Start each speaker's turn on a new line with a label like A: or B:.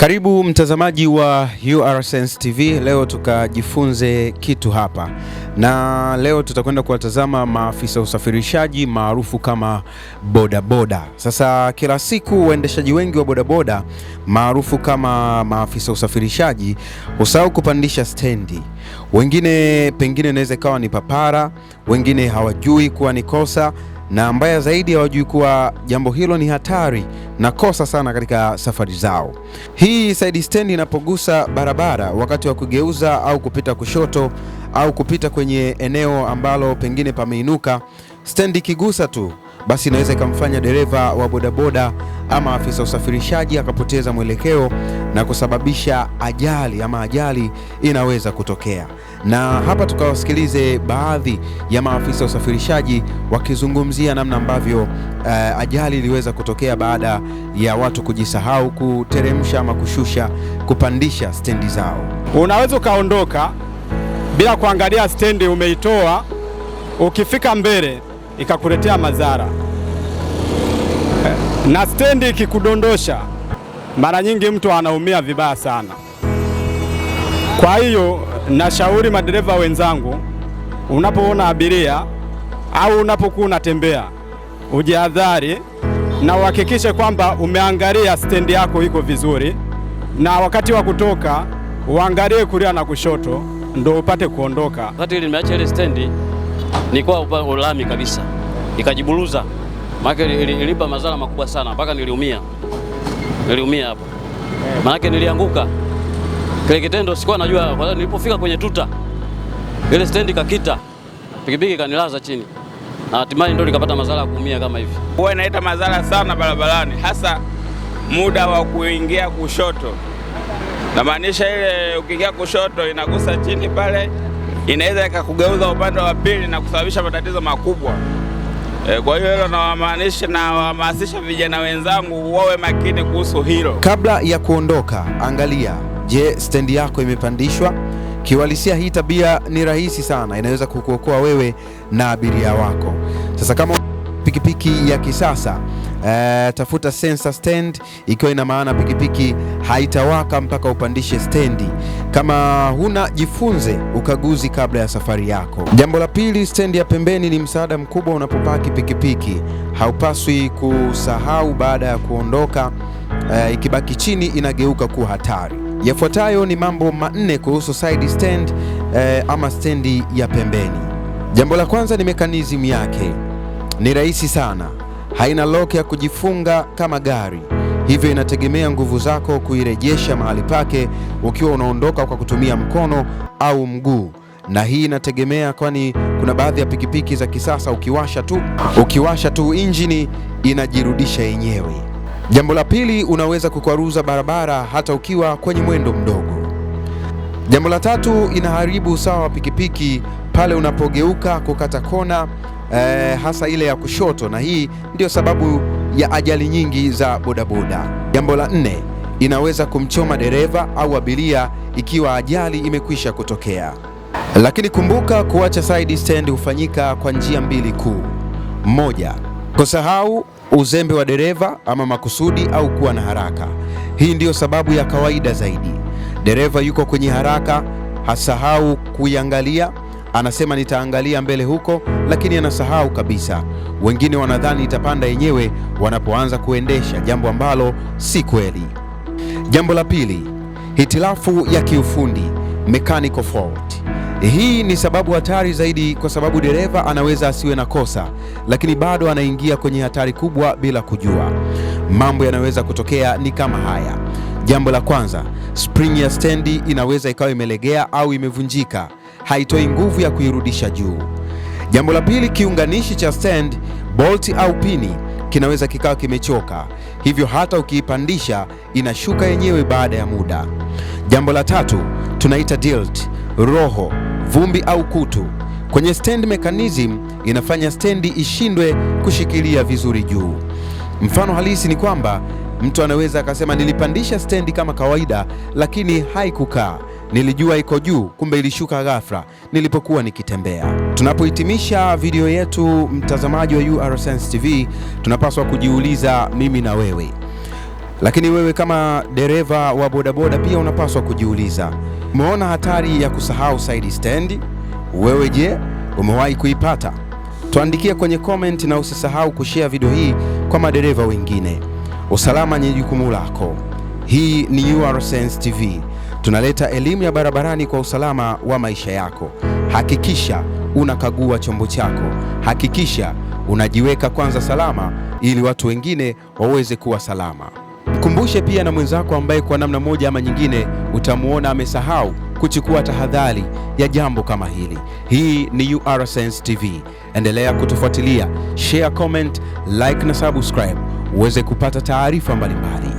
A: Karibu mtazamaji wa URSense TV, leo tukajifunze kitu hapa, na leo tutakwenda kuwatazama maafisa usafirishaji maarufu kama bodaboda. Sasa kila siku waendeshaji wengi wa bodaboda maarufu kama maafisa usafirishaji husahau kupandisha stendi. Wengine pengine inaweza ikawa ni papara, wengine hawajui kuwa ni kosa, na mbaya zaidi hawajui kuwa jambo hilo ni hatari na kosa sana katika safari zao. Hii side stand inapogusa barabara wakati wa kugeuza au kupita kushoto au kupita kwenye eneo ambalo pengine pameinuka, stand ikigusa tu basi inaweza ikamfanya dereva wa bodaboda ama afisa usafirishaji akapoteza mwelekeo na kusababisha ajali ama ajali inaweza kutokea. Na hapa tukawasikilize baadhi ya maafisa usafirishaji wakizungumzia namna ambavyo uh, ajali iliweza kutokea baada ya watu kujisahau kuteremsha ama kushusha kupandisha stendi zao.
B: Unaweza ukaondoka bila kuangalia stendi umeitoa, ukifika mbele ikakuletea madhara na stendi ikikudondosha, mara nyingi mtu anaumia vibaya sana. Kwa hiyo nashauri madereva wenzangu, unapoona abiria au unapokuwa unatembea, ujihadhari na uhakikishe kwamba umeangalia stendi yako iko vizuri, na wakati wa kutoka uangalie kulia na kushoto, ndo upate kuondoka.
C: Wakati nimeacha ile stendi nilikuwa ulami kabisa, nikajiburuza, maana ilipa madhara makubwa sana, mpaka niliumia, niliumia hapo, maana nilianguka. Kile kitendo sikuwa najua, kwa nilipofika kwenye tuta ile stendi kakita pikipiki kanilaza chini na hatimaye ndio nikapata madhara ya kuumia kama hivi.
D: Huwa inaita madhara sana barabarani, hasa muda wa kuingia kushoto, namaanisha ile ukiingia kushoto inagusa chini pale inaweza ikakugeuza upande wa pili na kusababisha matatizo makubwa. E, kwa hiyo hilo nawamaanisha na wahamasisha vijana wenzangu wawe makini kuhusu hilo.
A: Kabla ya kuondoka, angalia, je, stendi yako imepandishwa? Kiuhalisia hii tabia ni rahisi sana, inaweza kukuokoa wewe na abiria wako. Sasa kama pikipiki ya kisasa uh, tafuta sensor stand, ikiwa ina maana pikipiki haitawaka mpaka upandishe stendi. Kama huna jifunze ukaguzi kabla ya safari yako. Jambo la pili, stendi ya pembeni ni msaada mkubwa unapopaki pikipiki. Haupaswi kusahau baada ya kuondoka. Uh, ikibaki chini inageuka kuwa hatari. Yafuatayo ni mambo manne kuhusu side stand, uh, ama stendi ya pembeni. Jambo la kwanza ni mekanizimu yake. Ni rahisi sana, haina lock ya kujifunga kama gari, hivyo inategemea nguvu zako kuirejesha mahali pake ukiwa unaondoka kwa kutumia mkono au mguu, na hii inategemea, kwani kuna baadhi ya pikipiki za kisasa ukiwasha tu ukiwasha tu injini inajirudisha yenyewe. Jambo la pili, unaweza kukwaruza barabara hata ukiwa kwenye mwendo mdogo. Jambo la tatu, inaharibu usawa wa pikipiki pale unapogeuka kukata kona eh, hasa ile ya kushoto, na hii ndio sababu ya ajali nyingi za bodaboda. Jambo la nne, inaweza kumchoma dereva au abiria ikiwa ajali imekwisha kutokea. Lakini kumbuka kuacha side stand hufanyika kwa njia mbili kuu: moja, kusahau uzembe wa dereva ama makusudi, au kuwa na haraka. Hii ndiyo sababu ya kawaida zaidi. Dereva yuko kwenye haraka, hasahau kuiangalia Anasema nitaangalia mbele huko, lakini anasahau kabisa. Wengine wanadhani itapanda yenyewe wanapoanza kuendesha, jambo ambalo si kweli. Jambo la pili, hitilafu ya kiufundi mechanical fault. Hii ni sababu hatari zaidi, kwa sababu dereva anaweza asiwe na kosa, lakini bado anaingia kwenye hatari kubwa bila kujua. Mambo yanaweza kutokea ni kama haya. Jambo la kwanza, spring ya stendi inaweza ikawa imelegea au imevunjika haitoi nguvu ya kuirudisha juu. Jambo la pili, kiunganishi cha stand, bolt au pini kinaweza kikawa kimechoka, hivyo hata ukiipandisha inashuka yenyewe baada ya muda. Jambo la tatu tunaita dilt, roho, vumbi au kutu kwenye stand mechanism inafanya stendi ishindwe kushikilia vizuri juu. Mfano halisi ni kwamba mtu anaweza akasema nilipandisha stendi kama kawaida, lakini haikukaa. Nilijua iko juu, kumbe ilishuka ghafla nilipokuwa nikitembea. Tunapohitimisha video yetu, mtazamaji wa URSense TV, tunapaswa kujiuliza mimi na wewe, lakini wewe kama dereva wa bodaboda pia unapaswa kujiuliza, umeona hatari ya kusahau side stand? Wewe je, umewahi kuipata? Tuandikie kwenye comment na usisahau kushare video hii kwa madereva wengine. Usalama ni jukumu lako. Hii ni URSense TV. Tunaleta elimu ya barabarani kwa usalama wa maisha yako. Hakikisha unakagua chombo chako, hakikisha unajiweka kwanza salama, ili watu wengine waweze kuwa salama. Mkumbushe pia na mwenzako ambaye kwa namna moja ama nyingine utamwona amesahau kuchukua tahadhari ya jambo kama hili. Hii ni UR Sense TV, endelea kutufuatilia, share, comment, like na subscribe uweze kupata taarifa mbalimbali.